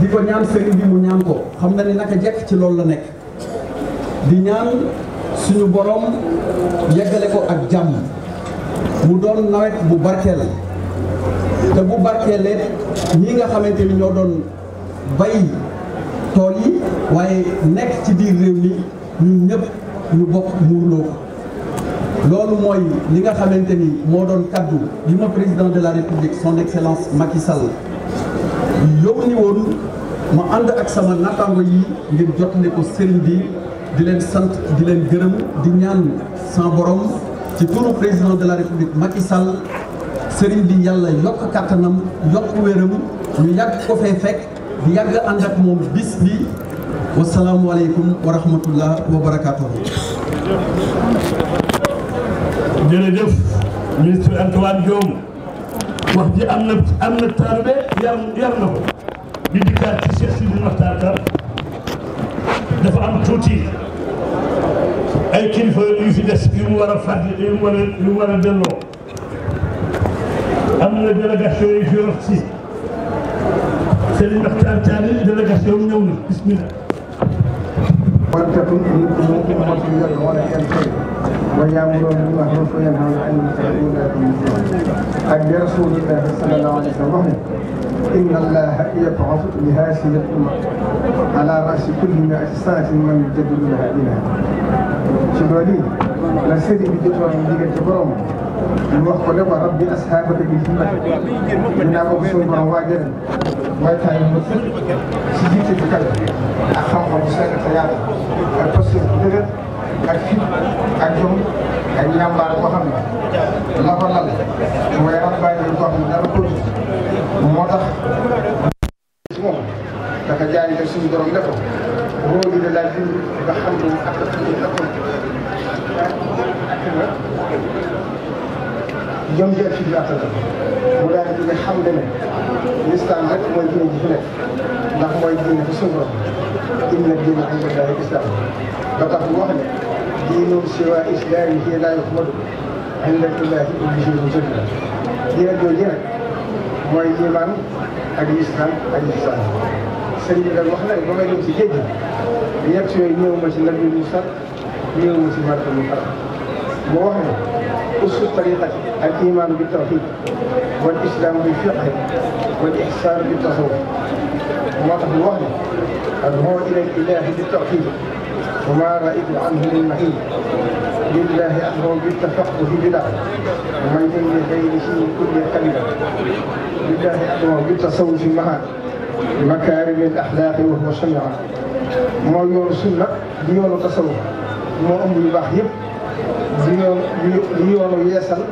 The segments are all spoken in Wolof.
di ko ñaan sëriñ bi mu ñaan ko xam na ni naka jekk ci loolu la nekk di ñaan suñu boroom yeggale ko ak jàmm mu doon nawet bu barkeel te bu barkeelee ñi nga xamante ni ñoo doon bay tool yi waaye nekk ci biir réew mi ñun ñëpp ñu bokk muurloo ko loolu mooy li nga xamante ni moo doon kaddu li ma président de la république son excellence Macky yónni woon ma ànd ak sama nattaango yi ngir jotale ko sëriñ bi di leen sant di leen gërëm di ñaan sa borom ci turu président de la république Macky Sall sëriñ bi yàlla yokk kattanam yokk wéram ñu yàgg ko fee fekk di yàgg ànd ak moom bis bi wasalaamualeykum wa rahmatullah wa barakatuhu jërëjëf ministre Antoine Diome wax ji am na am na taalibe yar yar na ko di dikkaat ci Cheikh Sidi Maxtaar Kan dafa am tuuti ay kilifa yu fi des yu mu war a fàttali yu mu war a yu mu war a delloo am na délégation yu fi wax si Sëriñ Maxtaar Kan délégation ñëw na bismillah ولتكن منكم أمة يدعون إلى الخير ويأمرون بالمعروف وينهون عن المنكر وأولئك هم الله صلى الله عليه وسلم إن الله يبعث لهذه الأمة على رأس كل مئة سنة من يجدد لها دينها. جبريل لا سيدي bi jotoon ñu digal ci borom ñu wax ko ne ko rabbi asxaabaka mooy temps yu mën si jiite bi kawe ak xam-xam bu sell te yaatu ak posture bu dëgër ak fit ak jom ak ñàmbaar boo xam ne la ko lal mooy rabbaani boo xam ne dara ko moo tax si moom dafa jaay def suñu borom ne ko boo gën a laaj bi nga xam ne ak ak ak jëm jël ci biir atal mu daal di nga xam ne ne lislaam rek mooy diine ji fi nekk ndax mooy diine fi suñu borom inna diina inda llaahi lislaam ba tax mu wax ne diinun siwaa islaami hiya laa yuqbadu inda llaahi bi ak lislaam ak ihsaan sëñ bi ci nabi Moussa mu Faram أسس طريقة الإيمان بالتوحيد والإسلام بالفقه والإحسان بالتصوف وما الوهم الهو إلى الإله بالتوحيد وما رأيت عنه من معين لله أمر بالتفقه بدعة ومن شيء كل كلمة لله أمر بالتصوف معا مكارم الأخلاق وهو شميعا ما yoonu ديون التصوف yoonu tasawuf moo li ñoo li ñoo yeesal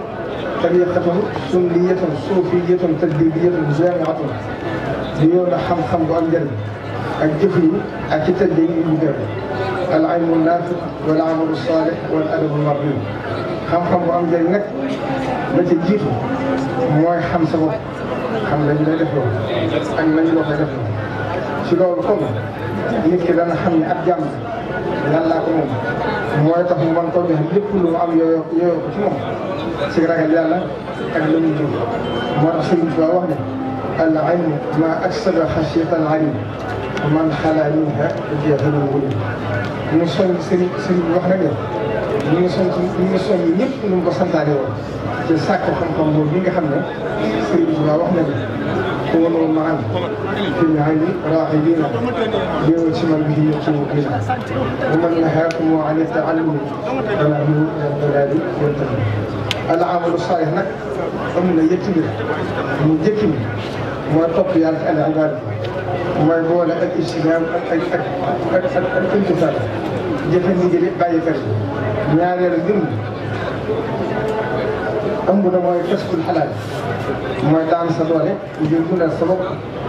tariqatan sunniyatan suufiyatan tajdiidiyatan jaamiatan di yoon a xam-xam bu am njëriñ ak jëf yi ak ci tëddee yu ñu gërëm al ilmu naafi wal amalu saalih wal adabu mardum xam-xam bu am njëriñ nag la ca jiitu mooy xam sa bopp xam lañ lay def loolu ak nañ la koy def loolu ci loolu comme nit ki dana xam ne ab jàmm yàllaa ko moom mooy tax mu mën koo jox lépp lu mu am yooyoo yooyoo ko ci moom si ragal yàlla ak lu mu jëm moo tax wax ne al ilmu ma aksada xasiyata al alim man xalaa minha jeexalul ngulum ñu soñ Sëriñ wax na ne ñu ngi soñ ñu ngi soñ ñëpp ñu ko santaane woon ci sàkk nga xam ne Sëriñ wax na ومر معنا في العلي راغبين بوجه به يقينا ومن نهاكم عن التعلم فلا بلاد ينتهي العمل الصالح نك أمنا يتمر من يتمر ما تطبي على العبادة ما يقول الإسلام الامتثال جفن جريء بايكر نار الذنب ëmb la mooy taskul xalaal mooy daan sa doole ngir dundal sa bopp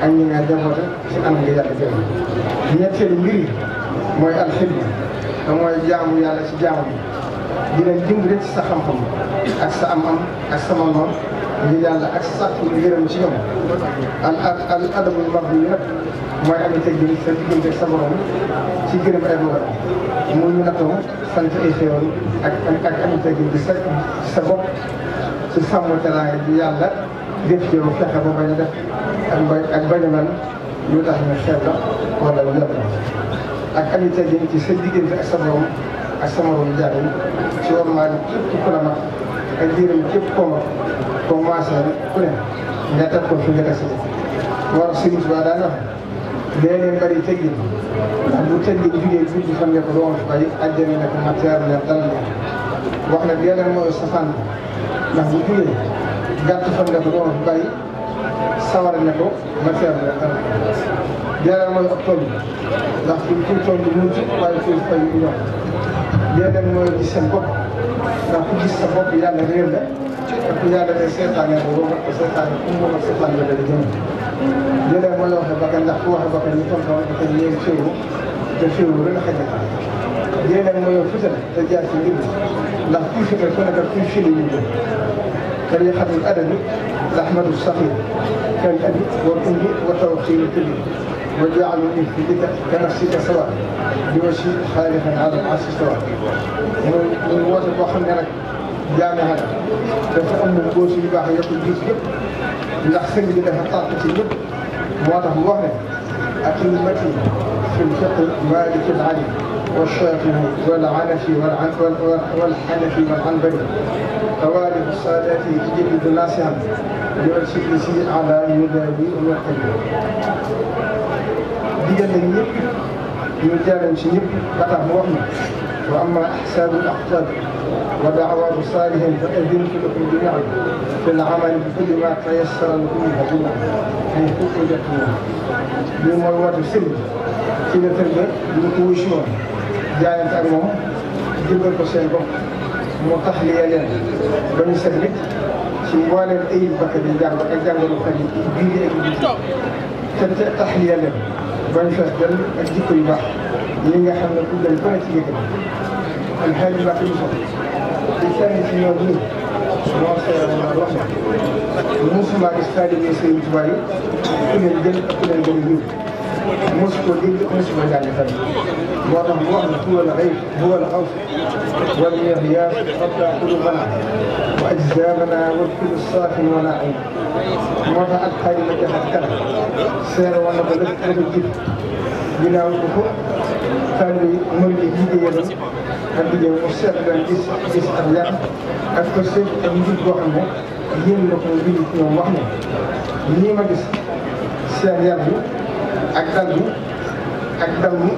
ak ñi ngay defoote ci anam gi yàlla jël ñetteelu mbir yi mooy alxidma te mooy jaamu yàlla ci jaamu bi dinañ dimbali ci sa xam-xam ak sa am-am ak sa mam-mam ngir yàlla ak sa sàkku ngërëm ci ñoom al al adabul mardi yi nag mooy am teggin sa diggante sa borom ci gërëm ay borom mu ñu nattoom sant ay xéewal ak ak am teggin bi sa sa bopp ci sàmm teraanga ji yàlla def ci lu fexe ba bañ a def ak bañ ak bañ a man lu tax na xel la wala lu yàlla ak amit a jëm ci sa diggante ak sa borom ak sa morom jaam ci war maa képp ku la mag ak diiram képp koo mag koo maasee ku ne nga teg ko fi nga teg sa bopp. war Sëriñ Tuubaa daan wax dee leen bari teggin ndax bu teggin jugee guddi fan nga ko doon bàyyi àjjana ne ko ma teer leen dal leen wax na yeneen mooy safaan ndax bu tuddee gàtt fan nga ko doon bari sawar ne ko matière bi rek dana ko. mooy ak tool ndax suñ suñ tool bi mënut waaye suñ fay bi ñor leneen mooy gis seen bopp ndax ku gis sa bopp yàlla réer la te ku yàlla ne seetaane ko boo ko seetaane fu mu mën a seetaane la dana jëm. leneen mooy waxee bakkan ndax ku waxee bakkan ñu tontu woon te ñeent féewu te féewu rek la xaj a yeneen mooy fësal te jaar ci ngir ndax kuy fësal ku nekk kuy fili ñu jëm kër yi xam adabi rahmatu saxir kan abi wa kulli wa tawxiru kulli wa jaalu fi dika ka nafsika sawa di wa si xaalixan ala asi sawa mooy muy woote boo xam ne nag jaame xat dafa am na góor yu baax yokk gis yëpp ndax sëñ bi dafa tàq ci yëpp moo tax mu wax ne ak yu mati fi lfiq malik al alim والشافعي والعنفي والحنفي والحنبلي طوالب السادات يجب الناس يرسي على يدابي ومحتمي دي النيب يجال نشيب قطع موحنا وأما أحساب الأحزاب ودعوى رسالهم فأذن في لكم جميعا في العمل بكل ما تيسر لكم هدوما أي كل جميعا يوم الواجب سلم في نتنبه لكم وشوان jaayante ak moom jëbbal ko seen bopp moo tax li leen ba ñu seet nit ci mbooleem ayib bakk di jàng ak jàngalu xel yi biir ak biti te te tax li leen ba ñu fees dal ak jikko yu baax yi nga xam ne ku dem ba ci yëkkati alxaaji Mbàkke Buso di kenn ci ñoom ñi moo seere na wax ne musuma gis taalibe Sëriñ Tuubaa yi ku leen gën ak ku leen gën a ñëw mosu ko dégg mosu ko jàng tamit ورمضان هو الغيث هو الغوث والمياه ربنا قلوبنا واجسامنا والكل الصافي ونعيم وضعت خيمك حتى سير ونبلغ ونجد بلا وقفه فالي مرجي جديد عندي يوم السبب الاستخدام الكسر المجد وحمه yéen la ko bind ci ñoom wax ne lii ma gis seen yar bi ak dal bi ak dal mi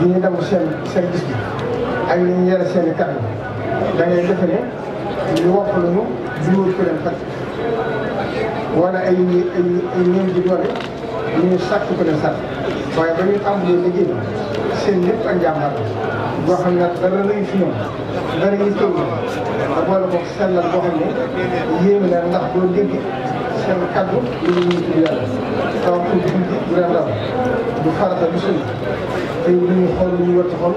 yi ñu nangu seen seen gis bi ak ñu ñu yore seen i kàddu da ngay defe ne ñu wopp lañu du ñu ko leen fat wala ay ay ay ñoom di doole ñu ñu sàkk ko leen sàkk waaye ba ñu tàmbalee liggéey seen lépp ak njàmbaar boo xam ne dara lay fi ñoom dara ñu tëw boole ko sellal boo xam ne yéeme na ndax boo déggee seen kàddu lu ñu ñuy tudd yàlla sama pour di bu leen daal du farata du sëñ tey lu ñu xool lu ñu war ci xool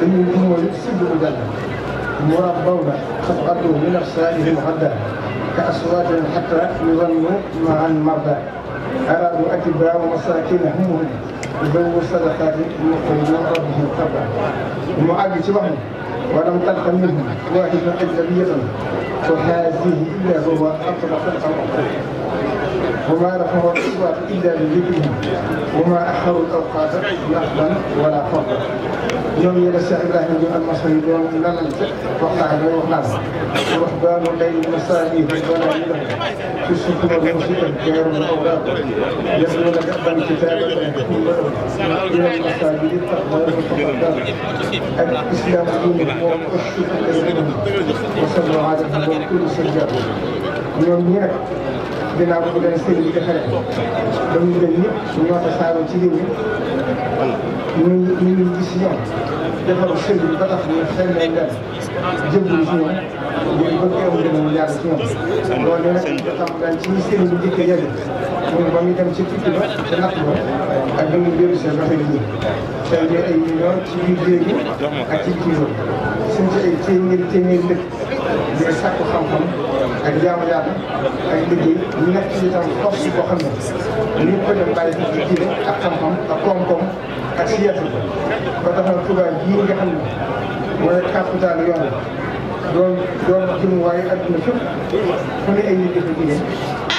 dañuy dumóoyu sibb bu jàll muraad bawla tabaddu min afsaadihim hadda ka aswaatin hatta yurannu maan marda araadu atibaa wa masaakiina humuhum yubawu sadaqaati muxrijina rabbihim tabba mu àgg ci wax ni ولم تلق منهم إلا بيضا وهذه إلا هو أطلق الأرض وما رفعوا الأصوات إلا بذكره وما أخروا الأوقات نقدا ولا فضلا ñoom ñi la Cheikh Ibrahima ñoom ak maçon yi doon lanal ca waxtaan doon waxtaan wax baanu day masaani wala ñu def ci suuf loolu mu si def geeru na aw daal yëpp ñu la gàttal ci feebar ne ku la yëpp masaani yi tax mooy ko toxal daal ak islam ñu moom ko suuf ay wa sallu ala moom kulli sajjaar ñoom ñi nag ginnaaw bu leen sëriñ bi defaree ba ñu dem ñëpp ñoo tasaaroo ci réew mi ñu ñu ngi gis ñoom defaru sëñ bi ba tax ñu seen lay dem si ñoom ngir bëgg dem ci ñoom loolu yi seen bi ay million ci biir léegi ak ci biir ak jaamu yàlla ak liggéey ñu nekk ci itam force boo xam ne ñëpp a dem bàyyi ci diine ak xam-xam ak koom-koom ak siyaasa ba tax na Tuubaa ji nga xam ne mooy capital yoon doon doon jëm waaye adduna fépp fu ne ay nit dafa jigéen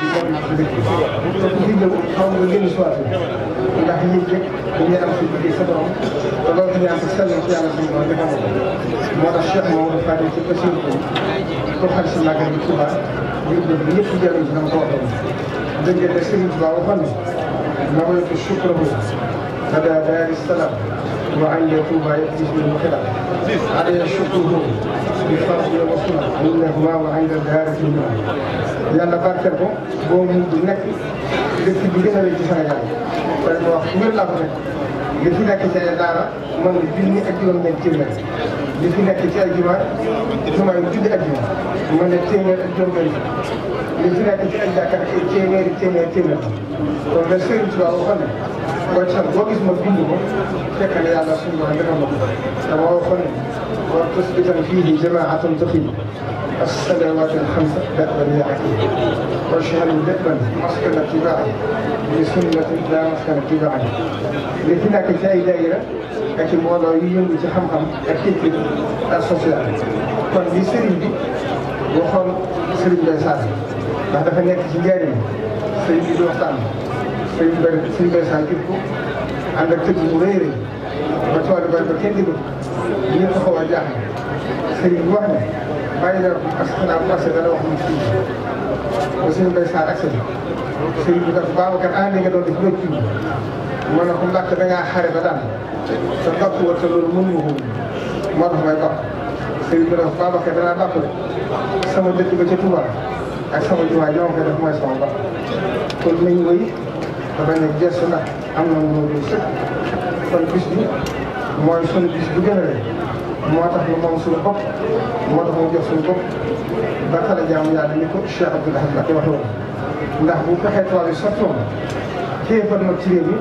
ndigal xaw nga génn soirée ndax nit rek dañuy am suñu liggéey sa borom te loolu dañuy am sell ci yàlla suñu borom dafa moo tax Cheikh Maodo Fadil ci Basiru ko pour xam si màggal bi Touba ngir bëgg ñëpp jëriñ dama ko waxoon dégg ngeen ne Serigne Touba waxoon ne na ma ko sukkandiku. وأن يطوب عليك باسم المخلة علي شكره بفضل الرسول عند هما وعند الدارة المعنى لأن بارك لكم بو من دونك لكي بيجينا بيجي سنة جاري فلن وقت من الله بيجي لكي لكي سنة دارة من بيجي أجي من نجي من لكي لكي سنة جمار ثم يجد أجي من نجي من أجي من لكي لكي سنة جاري waccan bogis mo bindi ko fekkale yàlla suñu borom defal ma ko dama waxoon war tasbitan fii di jamaatun tafi الصلوات الخمس دأبا يعقوب واشهر دأبا مسكن اتباعه لسنة لا مسكن اتباعه لكن أكي تاي دائرة أكي موضوع يوم يتحم أم أكي في السوسيال كون بسرين بي وخون سرين بيسان بعد فنك تجاري سرين بي دوستان sëñ bi bëri sëñ bi saa jur ko ànd ak tëdd bu rëy rëy ba tool bi bëri ba kenn déglu ñëpp xaw a jaaxle sëñ bi wax ne bàyyi la parce que naa passé dana wax mu fii ba sëñ bi saa ak sëñ sëñ bi kat Babacar ànd nga doon def bépp kii ma ne ko mbàkk da ngaa xare ba daal te bàkk war te loolu mënuñu ko moo tax may bàkk sëñ bi dafa Babacar danaa bàkk sama dëkk ba ca Touba ak sama jiwaay ñoo koy def mooy sama bàkk kon nañu wéy te bañ a gëstu am na mu ngi sëkk kon bis bi mooy sunu bis bu gën moo tax ñu moom suñu bopp moo tax mu jox suñu bopp ba xale jaamu yàlla ni ko Cheikh Abdoul Ahad Mbacké waxee woon ndax bu fexee tool yi sottoon kéefar ci réew mi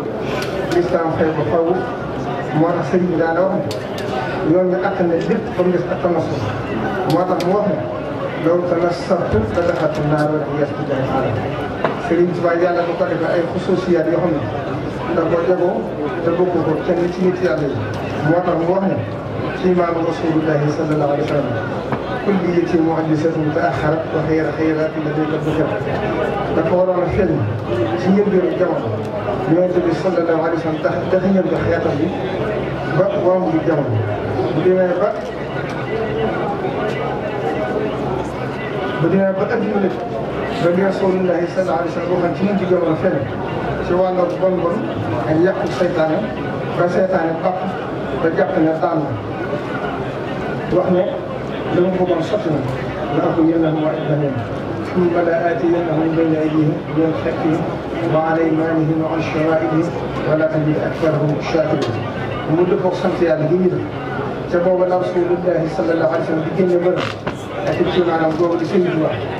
lislaam xëy ko faw moo tax sëriñ bi la wax ne yoon nga attan ne lépp ba mu des attan moo tax mu wax ne loolu tamit sartu da daxatu كريم تبا يالا كو كو ديف اي خصوصيات يو خامي دا كو ديبو ديبو كو كو تاني تي تي يالا موتا موخ امام رسول الله صلى الله عليه وسلم كل يتي محدثات متاخرت وخير خيرات لديك الذكر دا كو ورا فيلم تي يبير الجامع يوجد صلى الله عليه وسلم تخيل بحياته دي باب وام الجامع بدي باب بدي باب 10 مليون بني رسول الله صلى الله عليه وسلم waxoon ci mujj gi wala feneen ci wàllu bon bon ak yàqu seytaane ba seytaane bàq ba jàpp ne daan na wax ne dama bëggoon sotti na la ako yéen a mooy beneen ثم لآتينهم بين أيديهم ومن خلفهم وعن أيمانهم وعن شمائلهم ولا تجد أكثرهم شاكرين mu dëpp ak sant yàlla gi ñu def ca booba la rasulullahi sallallahu alayhi wa sallam di génne bëri ak ci maanaam boobu di sëñ bi wax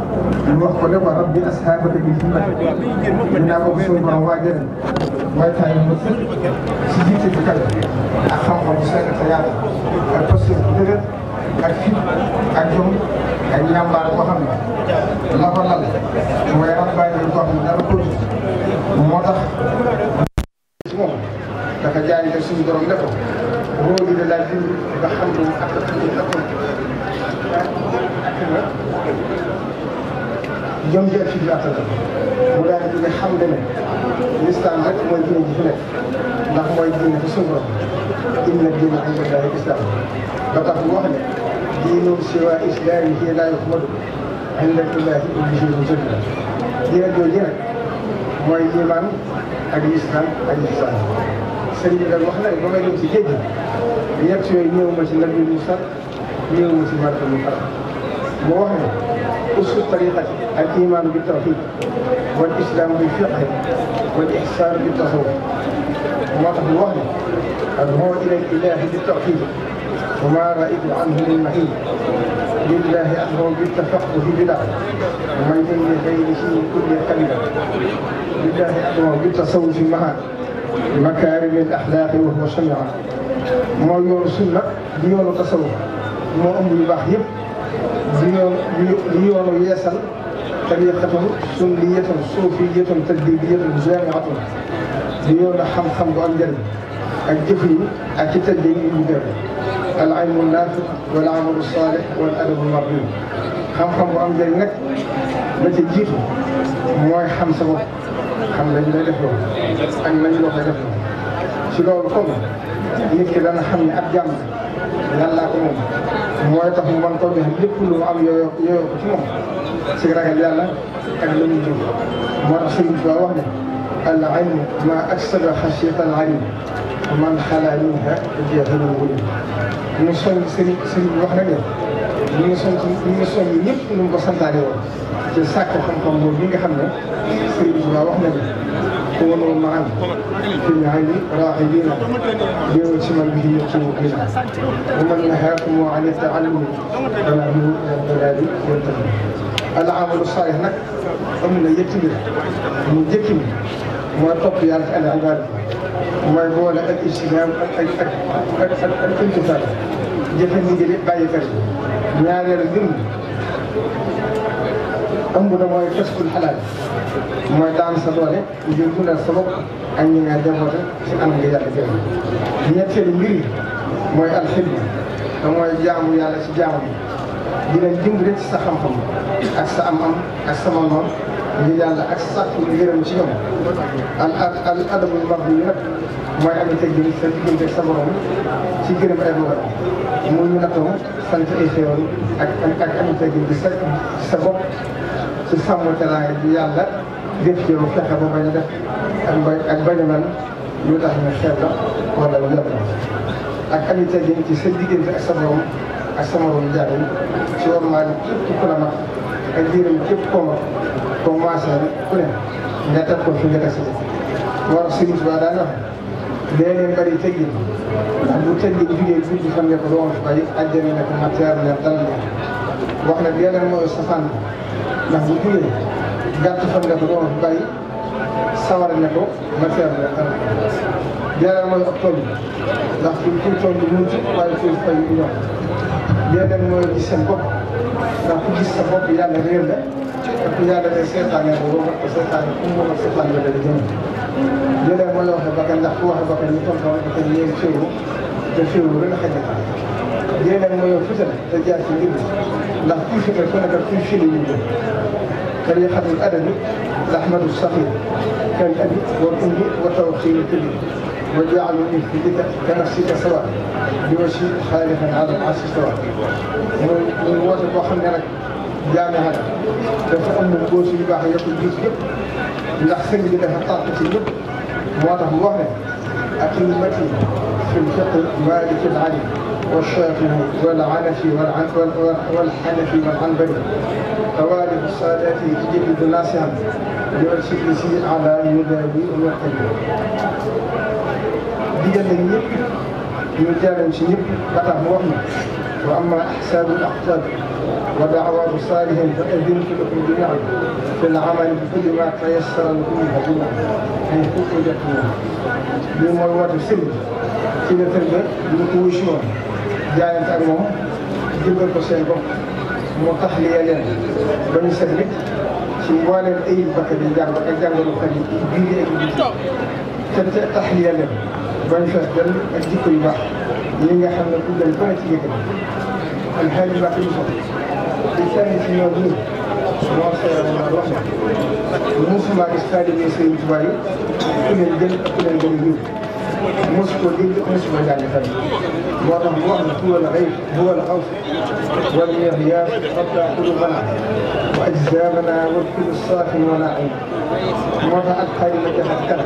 المختلف ربي أصحابك بهمة إن أبو سلمى واجر ويتعي المثل سجيتي بكلا أخاف مسلم تيالا أتصل بدر أكيد أجوم أيام بار محمد لا بلال ويرب باي القوم نركض موضح لك جاي يسوع درم لكم هو اللي لازم بحمده أكثر من لكم jom jël ci biir affaire mu daal di xam ne lislaam rek mooy diine ji fi nekk ndax mooy diine fi suñu borom inna diina inda llaahi lislaam ba tax mu wax ne diinu siwa islaamihi laa yuqbalu inda llaahi kullu shay'in jadid diine jooju rek mooy liimaan ak lislaam ak lislaam sëñ bi nag wax na ba may dem si géej gi ñett yooyu ñëw ma ci nabi Moussa ñëw ma ci Marta mu wax ne أسس طريقة الإيمان بالتوحيد والإسلام بالفقه والإحسان بالتصوف وقف الوهم أدعو إلى الإله بالتوحيد وما رأيت عنه من معين لله أدعو بالتفقه وما ومن من شيء كل كلمة لله أدعو بالتصوف مع بمكارم الأخلاق وهو شمعا ما يرسل لك ديون التصوف ما أمر ëmb ديور ياسر يسل طريقته سنية صوفية تجديدية جامعة ديور حم خم بأنجل الجفن أكتد المدر العلم النافع والعمل الصالح والأدب المرغوب حم خم بأنجل نك بتجيته موي خمسة وقت xam lañ lay defloo ak nañ la koy defloo ci loolu kon lan laa ko moom mooy tax mu mën koo jox lépp lu am yooyu yooyu ko ci moom si ragal yàlla ak lu muy jëm moo tax wax ne al ilmu ma aksaba xasiyata al alim man xalaa minha jaahilun wulim ñu soñ sëriñ sëriñ wax rek ñu ngi soñ ñu ngi soñ ñëpp ñu ko santaane woon ci bi nga xam ne sëriñ wax na ومن معنا في العين راغبين بيوم شمال به يقين ومن نهاكم عن التعلم فلا من البلاد ينتهي العمل الصالح نك أمنا يتمر من يتمر ما topp yàlla ci alibada mooy boole ak islam ak ak ak ak ak ak imtisaal jëfe ndigal bàyyi xel ñaareel gën ëmb da mooy taskul xalaal mooy daan sa doole ngir dundal sa bopp ak ñi nga jaboote si anam nga yàlla jël ñetteelu mbir yi mooy alxidma te mooy jaamu yàlla si jaamu bi di leen dimbali ci sa xam-xam ak sa am-am ak sa man-man ngir yàlla ak sàkku ngërëm ci ñoom al al adabul mardi yi nag mooy am teggin sa diggante sa borom ci gërëm ay borom muy ñu nattoon sant ay xéewal ak ak am teggin bi sa sa bopp ci sàmm teraanga ji yàlla def ci yow fexe ba bañ a def ak bañ ak bañ a mel lu tax nga xeeb la wala lu yàlla ak amité gi ci sa diggante ak sa borom ak sa morom jaam ci warmaal képp ku la mag ak yërëm képp koo mag koo maasee rek ku ne nga teg ko fi nga teg sa war Sëriñ Tuubaa daan wax dee leen bari teggin ndax bu teggin jugee guddi fan nga ko doon bàyyi àjjana ne ko matière ne dal na wax nag yeneen mooy safaan ndax bu juree gàtt fan nga ko doon bàyyi sawar ne ko matière la am yeneen mooy ak tool ndax bu kuy tool bi mënut waaye kuy fay bu ñor yeneen mooy gis seen bopp ndax ku gis sa bopp yàlla réer la te ku yàlla ne seetaane ko boo ko seetaane ku mu mën a seetaan la dana jëm yeneen mooy waxee bakkan ndax ku waxee bakkan ñu tontu woon te ñeent féewu te féewu rek xëy na yeneen mooy futal te jaar ci ngir ndax culture la Sénégal suñ Chine yi ñu jëm dañuy xam ne adabi l'ahmadu saxir kal abi wal ummi wa tawxir tëbi wa jaalu in fi dika kanasika sawa bi wa si xaalifan ala asi sawa mooy muy woote boo xam ne nag jaamee dafa am na góor yu baax yokk gis yëpp ndax sëñ bi dafa tàq ci yëpp moo tax mu wax ne ak yu mati fi fiq maaliki alim والشاطئ والعنف والعنف والحنف والعنبر طوالب السادات تجد الناس يرسلسي على يدابي ومرتبه ديال النيب يجال النيب قطع مؤمن واما احساب الاحزاب ودعوى رسالهم فاذنت لكم جميعا في العمل بكل ما تيسر لكم هدوما حيث اوجدتموه بمروات السلم سنه البيت بمكوشون جايان تاك موم جيبال كو سين بوك مو تخ لي يالين اي باك دي جار باك جار لو خدي بي دي اكو تي تي تخ لي يالين با ني فاس جال اك جيكو يبا ليغا خامل كو دال فاي تي جيكو الحاج باك يوسف الثاني سي يوزو موسو باك ستادي مي سي جوالي كو نيل جيل ولا المؤمن هو العيش هو العوف والمغياث قطع قلوبنا وأجسامنا والكل الصاخن وناعم وضعت خيمة حتى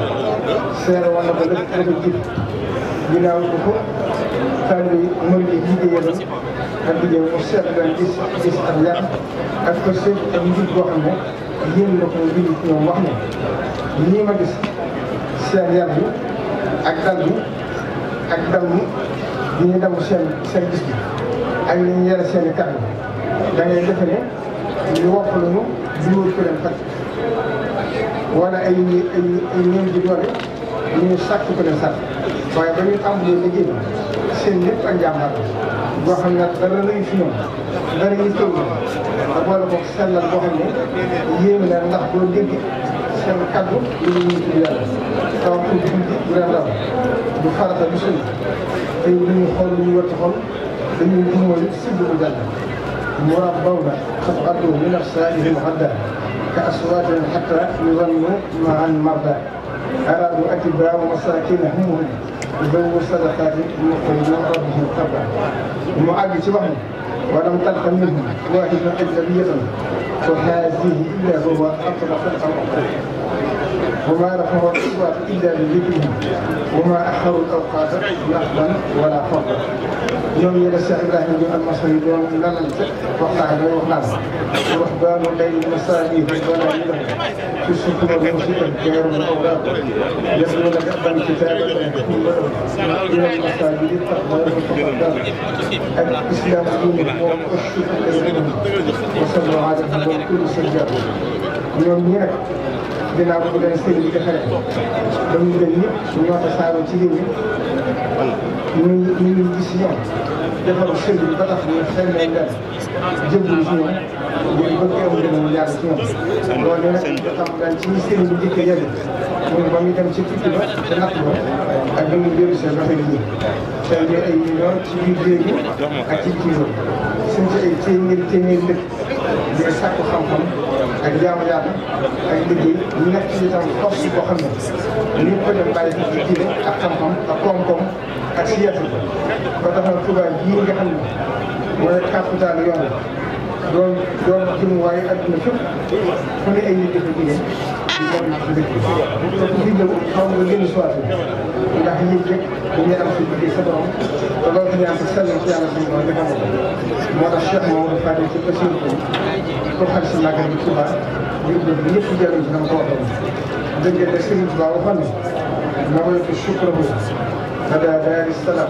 سير ونبلت ونجد بلا وقفه قال مرجي جديد ak di seetlu gis gis ak yàq ak ko seet ak njëg boo xam ne yéen na ko bind ci ñoom wax ne li ñu dem seen seen gis bi ak li ñu yore seen i kàddu da ngay defe ne ñu wopp lañu di wër ku faj wala ay ay ay ñoom ji doole ñu sàkk ku leen sàkk waaye ba ñu tàmbalee liggéey seen lépp ak njàmbaar boo xam ne fi ñoom dara yi tëw te boole sellal boo yéeme na ndax boo dégg seen kaddu ñu ñu tudd yàlla tawax ko guddi bu leen daw du farata du tey dañuy xool li ñu war ci xool dañuy mooy sibb bu jàll murabbawna sab'atun min as-sa'ili mu'adda ka aswatin hatta yuzannu ma'an marda aradu atibaa wa masakina humuhum ذو صدقات مخرجون ربهم تبعا المعاد سبحا ولم تلق منهم واحدا اجنبيه فهذه الا هو اطلق الامر وما رحم العباد إلا بذكرها وما أحر الأوقات نقلا ولا فضلا يوم يلسع إبراهيم يوم المصري يوم لمن وقع وقاس ورحبان الليل المساجد ولا يده في السكر والموسيقى غير الأوراق يسلون كتابة كتابا إلى المساجد تقدر وتقدر الإسلام دين والشكر وصلوا على كل سجاد يوم هناك ginnaaw bi leen sëriñ bi defaree ba ñu gën ñëpp ñoo tasaaroo ci réew mi ñu ñu ñu gis ñoom defaru sëriñ bi ba tax ñu seen leen leen jëmbul ci ñoom ngir bëgg am gën a jaar ci ñoom loolu nag xam nga ci sëriñ bi njëkk yàgg moom ba muy dem ci tukki ba ca natt ba ak ba mu dellu seen ba tey jii tey ñu ay million ci biir jéegi ak ci biir suñ ci ay téeméer téeméer dëkk di sàkku xam-xam ak jaamu yaa ak liggéey ñu nekk ci itam force boo xam ne ñu ko dem bàyyi ci diine xam-xam ak koom-koom ak siyaasa ba tax na Tuubaa ji nga xam ne mooy capital yoon doom doom ci mu waaye adduna fépp fu ne ay nit dafa jigéen di dem ci dëkk bi donc fii ñëw xaw nga génn soirée ndax nit rek dañuy am suñu liggéey sa borom te loolu fi ñaan ko sellal ci yàlla suñu borom defal ko moo tax Cheikh moom dafa dem ci passion ko ko xam si màggal bi Tuubaa ngir dëgg ñëpp jëriñ ci dama ko waxoon dëgg la Serigne Tuubaa waxoon na ma ko yokk sukkandiku. هذا دار السلام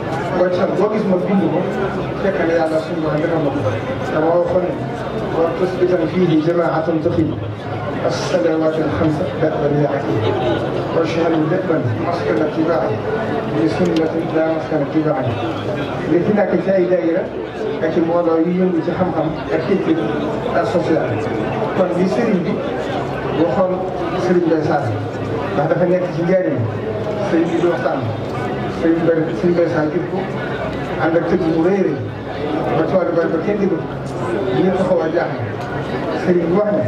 mooy sax boo gis ma bind ko fekk na yàlla suñu borom defal ma ko dama waxoon wa tusbitan fiihi jamaatan taxiim الصلوات الخمس دأبا يعقوب واشهد دأبا مسكن اتباعي لسنة لا بعد فنيك تجاري سيرين بي sëñ bi benn sëñ benn saa jur ko ànd ak tëgg bu rëy rëy ba ci wàllu benn ba kenn déglu ñëpp xaw a jaaxle sëñ bi wax ne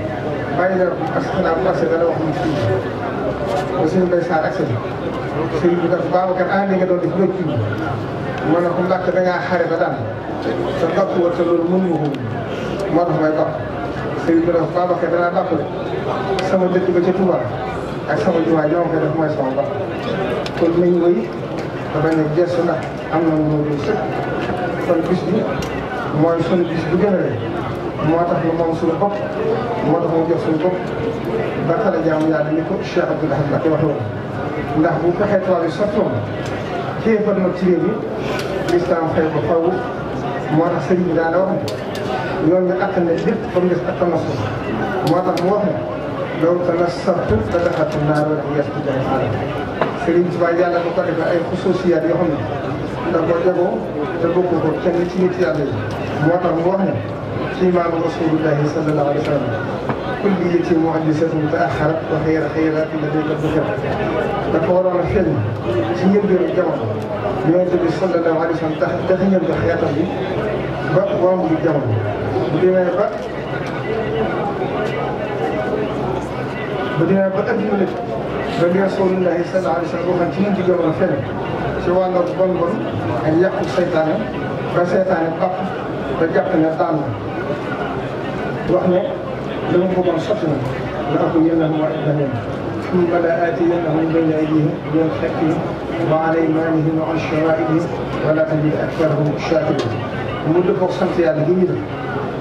bàyyi dara bu parce que naa bu accès dana wax mu fii ba sëñ benn saa accès sëñ bi dafa baabakat ah li nga doon def loolu fii ma ne ko ndax da ngaa xare ba daan te bakku woon te loolu mënuñu ko moo tax may bakk sëñ bi dafa baabakat danaa bakk de sama dëkk ba ca Touba ak sama jiwaay ñoo ngi koy def mooy sama bakk kon nañu wéy te bañ a gëstu ndax am na lu mu sëkk kon bis bi mooy sunu bis bu gën a rëy moo tax ñu moom suñu bopp moo tax mu jox suñu bopp ba xale jaamu yàlla ni ko Cheikh Abdoul Ahad Mbacké waxee woon ndax bu fexee tool yi sottoon kéefar nag ci réew mi lislaam xëy ko faw moo tax sëriñ bi daana wax ne yoon nga àtt ne lépp ba mu des ak tamasu moo tax mu wax ne loolu tamit sartu da daxatu naa la def yàlla ci jaay Serigne Touba yàlla bu ko defee ay xusuusiyaat yoo xam ne da ko jagoo te bokkul ko kenn ci nit yàlla yi moo tax mu wax ne ci maam rasulullahi sallallahu alayhi wa sallam kulliyati muhaddisatun taaxarat wa xayra xayraati la day def dafa waroon a feeñ ci njëlbeenu jamono yonente bi sallallahu alayhi wa sallam tax daxañal ko xeetam bi ba waam bu jamono bu demee ba bu demee ba adduna لم يصل الله يسال على شعبه أن تنتج من فعله سواء نظلمهم أن يقتل سيطانا فسيطانا قف فجعتنا قانا ونحن لهم هو منصفنا لأكون ينهم وإبنهم ثم لا آتينهم بين أيديهم بين خلفهم وعلى إيمانهم وعن شرائهم ولا أني أكثرهم شاكرا ومنذ فرصمت يا الهيرة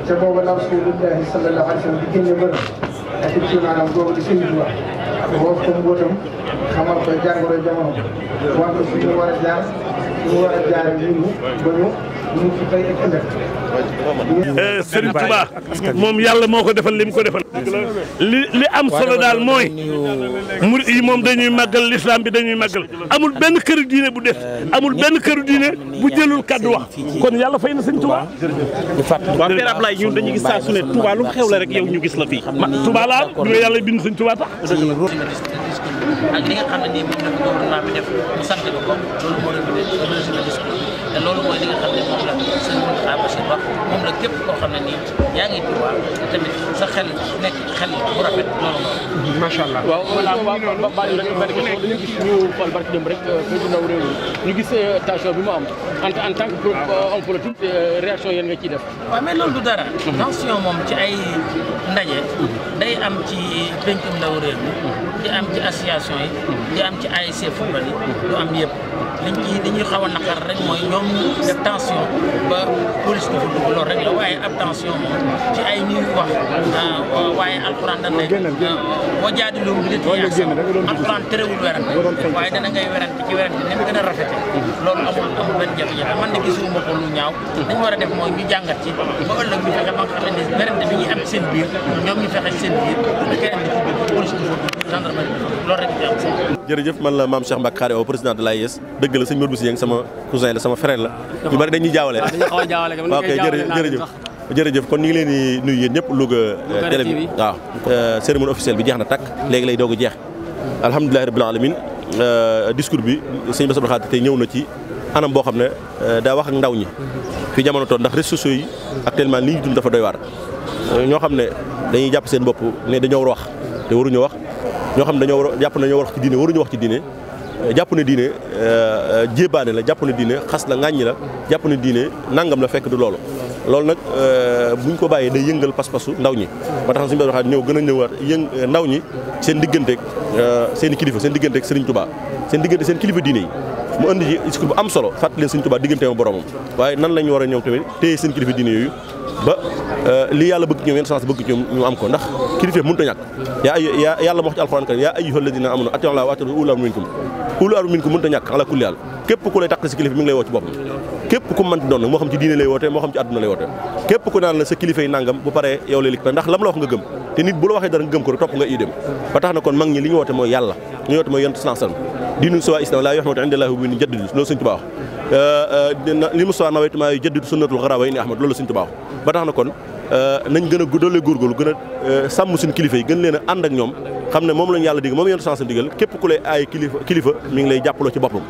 تبوب الله رسول الله صلى الله عليه وسلم بكل مرة أتبتون على مدور بسم الله woo ko mbootam xamal ko jàngoro jamono wante fi ñu war a jaar fi ñu war a jaar yi ñu ba ñu ñu fi tey ak ëllëg Serigne Touba moom yàlla moo ko defal li mu ko defal li am solo daal mooy yi moom dañuy màggal lislaam bi dañuy màggal amul benn kër diine bu def euh, amul benn kër diine bu jëlul kaddu wax kon yàlla fay na sëñ Touba. waaw Père Ablaye ñun dañuy gis xew la rek yow ñu gis la fii. ma Touba laa du la yàlla ko gouvernement bi def mu sant ko moom la képp koo xam ne nii yaa ngi Touba te tamit sa xel nekk xel bu rafet noonu noonu. macha allah waaw waaw bàyyi rek benn question dañu gis ñu xool barki dem rek président réew mi ñu gis tension bi mu am en en tant que homme politique réaction yéen nga ciy def. waaw mais loolu du dara. tension moom ci ay ndaje. day am ci pencum ndaw réew mi. di am ci association yi. di am ci ASC football yi. du am yëpp. liñ ci li ñuy xaw a naqar rek mooy ñoom def tension ba police du fa dugg loolu rek la waaye ab tension moom ci ay ñuy wax waaye alxuraan dañ lay boo jaadiloo bi nit yaa sax alxuraan terewul werante waaye dana ngay werante ci werante ni mu gën a rafete mhm. loolu amul amul benn jafe-jafe man de gisuma ko lu ñaaw dañ mhm. war a def mooy ñu jàngat ci ba ëllëg ñu fexe ba nga xam ne werante bi ñuy am seen biir ñoom ñu fexe seen biir keneen di ci biir police du fa dugg gendarmerie loolu rek ci am jërëjëf man la maam Cheikh Mbacke Khare o président de l'AIS dëgg la sëñ Modou Bousso Dieng sama cousin la sama frère la ñu bari dañuy jaawale ok jërëjëf jërëjëf kon ñu ngi leen di nuyu yéen ñëpp Louga eh, télé bi waaw euh, cérémonie officielle bi jeex na takk léegi lay doog a jeex alhamdulilahi rabbil alamin euh, discours bi sëñ Bass Abdou te ñëw na ci anam boo xam ne euh, daa wax ak ndaw ñi fi jamono toon ndax réseaux sociaux yi actuellement li ñu dund dafa doy waar ñoo xam ne dañuy jàpp seen bopp ne dañoo war wax te waruñu wax ñoo xam ne dañoo war jàpp nañoo war wax ci diine waruñu wax ci diine jàpp na diine euh, jébaane la jàpp na diine xas la ŋàññi la jàpp na diine nangam la fekk du loolu loolu nag euh, bu ñu ko bàyyee day yëngal pas-pasu ndaw ñi ba tax na suñu bee waxaat ñëw gën a ñëwaat yëng euh, ndaw ñi seen digganteeg seen kilifa seen digganteeg Serigne Touba seen diggante seen kilifa diine yi mu indi ji discours bu am solo fàttali Sëriñ Tuubaa digganteem boromam waaye nan la war a ñoom tamit téye seen kilifa diine yooyu ba euh, li yàlla bëgg ñoom yenn chance bëgg ñoom ñu am ko ndax a ñàkk a wax ko rek topp nga diinu suwa islam laa yoxmat inda laahi bu ñu jaddid loolu sëñ Tuubaa wax li mu suwa nawaytu maa jaddid sunnatul xaraaba yi ni ahmad loolu sëñ Tuubaa wax ba tax na kon nañ gën a doole góorgóorlu gën a sàmm suñu kilifa yi gën leen a ànd ak ñoom xam ne moom lañu yàlla digal moom yonent sens digal képp ku lay ay kilifa kilifa mi ngi lay jàppaloo ci boppam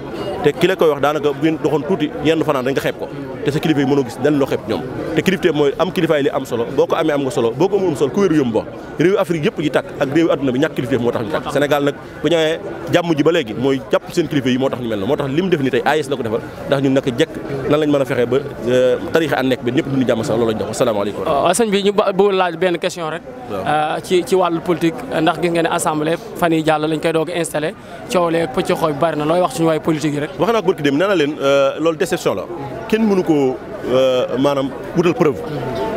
te ki koy wax daanaka bu ngeen tuuti yenn fanaan dañ nga xeeb ko te sa kilifa yi mënoo gis dañ loo xeeb ñoom te kilifte mooy am kilifaay li am solo boo ko amee am nga solo boo ko amul am solo ku wéru yëm ba réewi Afrique yëpp ji tàkk ak réewi adduna bi ñàkk kilifte moo tax ñu tàkk Sénégal nag bu ñu jàpp seen kilifa yi moo tax ñu mel a assemblée fan yi jàll lañ koy doog installé coow lee pëcc xooy bari na looy wax suñu waay politique yi rek wax naa ko barki dem nee leen euh, loolu déception la kenn mënu koo euh, maanaam wutal preuve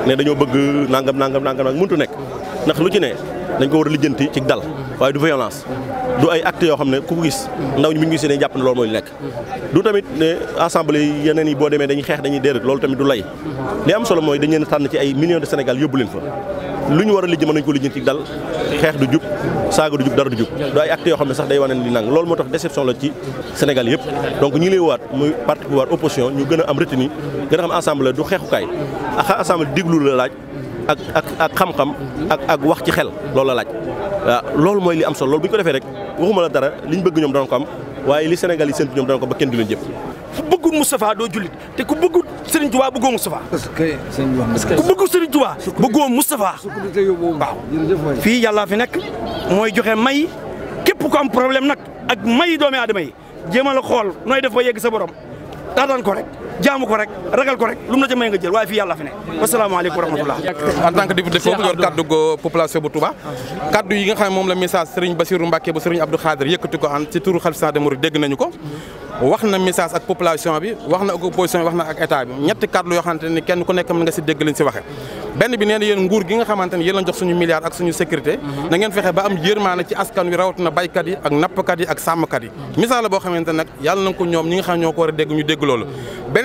ne dañoo bëgg nangam nangam nangam nag mëntu nekk ndax lu ci ne dañ ko war a lijjanti ci dal waaye du violence du ay actes yoo xam ne ku ko gis ndaw ñi mu ñu gisee dañuy jàpp na loolu mooy nekk du tamit ne assemblée yi yeneen yi boo demee dañuy xeex dañuy déedéet loolu tamit du lay am solo mooy dañ leen tànn ci ay millions de Sénégal yóbbu leen lu ñu war a lijji mën nañu ko lijjanti dal xeex du jub saaga du jub dara du jub do ay acte yoo xam ne sax day wane ni nang loolu moo tax déception la ci Sénégal yëpp donc ñu ngi lay waat muy parti pouvoir opposition ñu gën a am retenu gën a xam ensemble du xeexukaay ak ensemble déglu la laaj ak ak ak xam-xam ak ak wax ci xel loolu la laaj waaw loolu mooy li am solo loolu bu ñu ko defee rek waxuma la dara liñ bëgg ñoom dana am waaye li Sénégal yi séntu ñoom dana kenn du leen jëpp bëggul Moustapha doo jullit te ku bëggul Serigne Touba bëggoo Moustapha. ku bëggul Serigne Touba bëggoo Moustapha. waaw fii yàllaa fi nekk mooy joxe may képp ku am problème nag ak may doomi aadama yi jéem a la xool nooy def ba yegg sa borom daataan ko rek. jaamu ko rek ragal ko rek lu mu la jël waaye fii yàlla fi ne wasalaamaaleykum wa rahmatullah en tant que député kaddu go population bu Touba kaddu yi nga xam moom la message Serigne Bassirou Mbacké bu Serigne Abdou Khadir yëkkati ko an ci turu xalif sa de Mouride dégg nañu ko wax na message ak population bi wax na ak opposition bi wax na ak état bi ñetti kaddu yoo xamante ni kenn ku nekk mën si dégg lañ si waxe benn bi nee na nguur gi nga xamante ni yéen jox suñu milliards ak mhm. am yërmaane ci askan la boo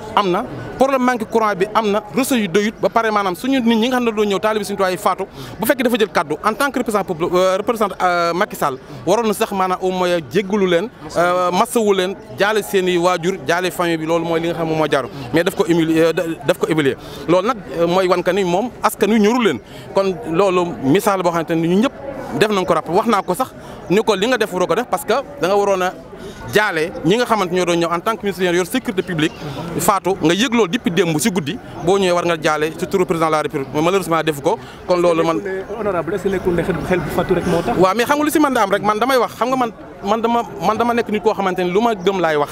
am na problème manque courant bi am na réseau yu doyut ba pare maanaam suñu nit ñi nga xam ne doon ñëw taalibi suñu tuwaay faatu bu fekkee dafa jël kaddu en tant que représentant peuple euh, waroon na sax maanaam au moins jéggalu leen euh, massawu leen jaale seen waajur jaale famille bi loolu mooy li nga xam ne moo jaru mais daf ko humilier euh, daf ko humilier loolu nag mooy wan ni moom askan wi ñorul leen kon loolu misaal boo xamante ne nu ñëpp def nañ ko rapport wax naa ko sax ni ko li nga def waroo ko def parce jaale ñi nga xamante ñoo doon ñëw en tant que ministre yor sécurité publique faatu nga yëg loolu depuis démb si guddi boo ñëwee war nga jaale si turu président la république mais malheureusement def ko kon loolu man moo tax waaw mais xam nga lu si man da am rek man damay wax xam nga man man dama man dama nekk nit koo xamante ne lu ma gëm laay wax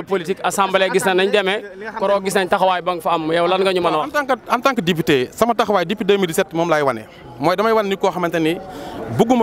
wàllu politique assemblée gis nañ nañ demee gis nañ taxawaay ba nga fa lan nga ñu mën a wax. en tant député sama taxawaay depuis 2017 moom laay wane mooy damay wan ni koo xamante ni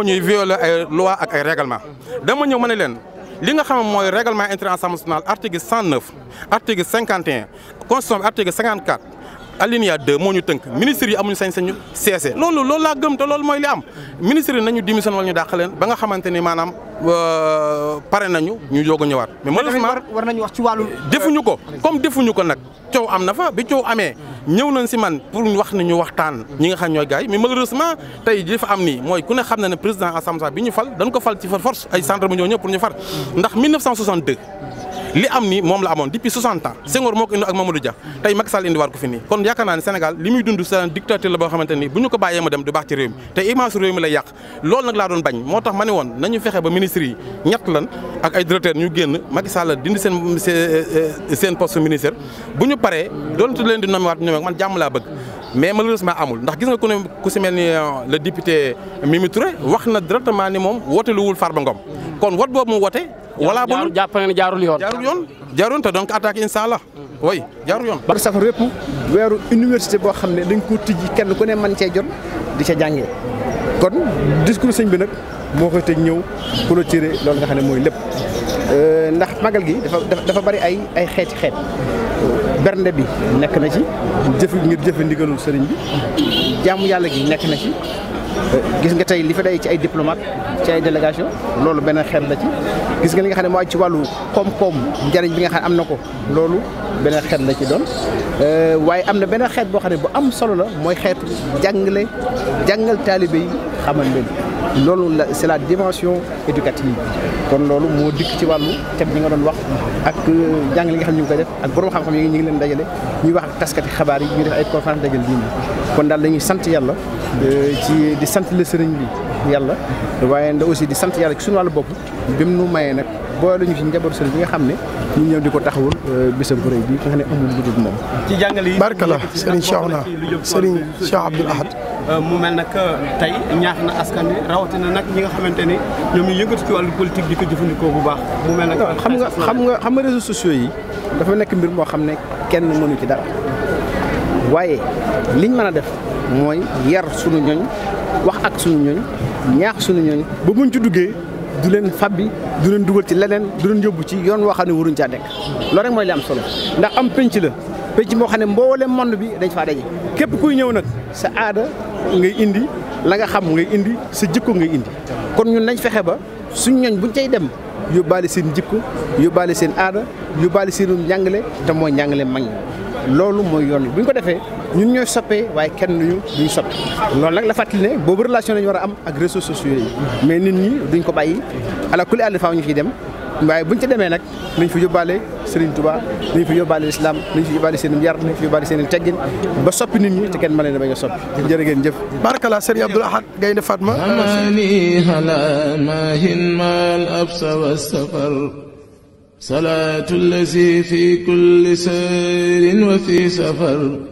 ñuy violer ay loi ak ay règlement dama ñëw ma ne leen. li nga xam mooy règlement intérieur Assemblée nationale article 109 article 51 constitution article 54 alinéa 2 moo ñu tënk ministre yi amuñu sañ-sañu seese loolu loolu laa gëm te loolu mooy li am ministre yi nañu démission wala ñu dàq leen ba nga xamante ni maanaam euh, pare nañu ñu yóg ñëwaat mais malheureusement war nañu wax ci wàllu euh, defuñu ko comme defuñu ko nag coow am na fa bi coow amee ñëw nañ si man pour wax ne ñu waxtaan ñi nga xam ñooy gars yi mais malheureusement tey ji am nii mooy ku ne xam na ne président assemblée bi ñu fal dañ ko fal ci far force ay centre mu ñëw ñëw pour ñu far ndax 1962 li am ni la depuis 60 ans Senghor moo ak Mamadou Dia tay Macky Sall indi war ko ont kon yakana un la bo xamanteni ont ko baye mu dem du ci te image mi ba ministres ñett lan ak ay directeurs ñu ont Sall dindi sen poste mais malheureusement amul ndax gis nga ku ne ku euh, le député Mimi Touré directement ni moom été wul Farba Ngom kon wat wala balul jàpp na ne jaarul yoon jaarul yoon jaarul te donc attaque incha allah oui jaarul yoon ba safar yëpp weeru université boo xam ne dañ koo tijji kenn ku ne man cee jot di ca jànge kon discours sëñ bi nag moo koy teg ñëw clôturer lool nga xam ne mooy lépp euh, ndax magal gi dafa dafa bari ay ay xeeti xeet bernde bi nekk na ci jëf ngir jëfe ndigalul sëriñ bi jaamu yàlla gi nekk na ci euh, gis nga tey li fa day ci ay diplomate ci ay délégation loolu benn xeet la ci gis nga li nga xamne ne ci walu kom kom jarign bi nga xamne ne am na ko loolu beneen xeet la ci don euh waye amna benen xet bo xamne bu am solo la moy xet jàngale jàngal talibey xamal len loolu c'est la dimension éducative kon loolu mo dik ci walu thème bi nga doon wax ak jàng li nga xamne ñu ngi koy def ak borom xam-xam yi ñi ngi len dajale ñuy wax ak taskati xabar yi ñuy def ay conférence dajal bi kon dal dañuy sante yàlla ci di sante le serigne bi yàlla waaye nda aussi di sant yàlla ci suñu wàllu bopp bi mu nu mayee nag boole ñu fi njabootu sëriñ bi nga xam ne ñu ñëw di ko taxawul euh, bésam bu rëy bi nga ne amul lu dul moom barkala sëriñ Cheikhouna sëriñ Cheikh Abdoul Ahad euh, mu mel nag euh, tey ñaax na askan wi rawatina nag ñi nga xamante ni ñoom ñu yëngatu ci wàllu politique di ko jëfandikoo bu baax mu mel nag xam nga xam nga xam nga réseaux sociaux yi dafa nekk mbir moo xam ne kenn mënu ci dara waaye liñ mën a def mooy yar suñu ñoñ suñu ñoñ ñaax su suñu ñooñ ba buñ ci duggee du leen fabbi du leen dugal ci leneen du leen yóbbu ci yoon woo xam ne waruñ caa nekk loolu rek mooy li am solo ndax am pénc la penc moo xam ne mboolem monde bi dañ faa daje képp kuy ñëw nag sa aada ngay indi la nga xam ngay indi sa jikko ngay indi kon ñun nañ fexe ba suñ ñooñ buñ cay dem yóbbaale seen jikko yóbbaale seen aada yóbbaale seen njàngale te mooy leen mag ñi loolu mooy yoon bu ñu ko defee ñun ñooy soppee waaye kenn duñu duñ soppe loolu nag la fàttali ne boobu relation lañu war a am ak réseaux sociaux yi mais nit ñi duñ ko bàyyi ala kulli àll faaw ñu fiy dem waaye buñ ci demee nag nañ fi yóbbaale Serigne Touba nañ fi yóbbaale lislaam nañ fi yóbbaale seen yar nañ fi yóbbaale seen i teggin ba sopp nit ñi te kenn mën leen a bañ a soppi jërë ngeen jëf barkala Serigne Abdoul Ahad Gaynde Fatma amani hala mahin mal absa wa safar salatu lazi fi kulli sayrin wa fi safar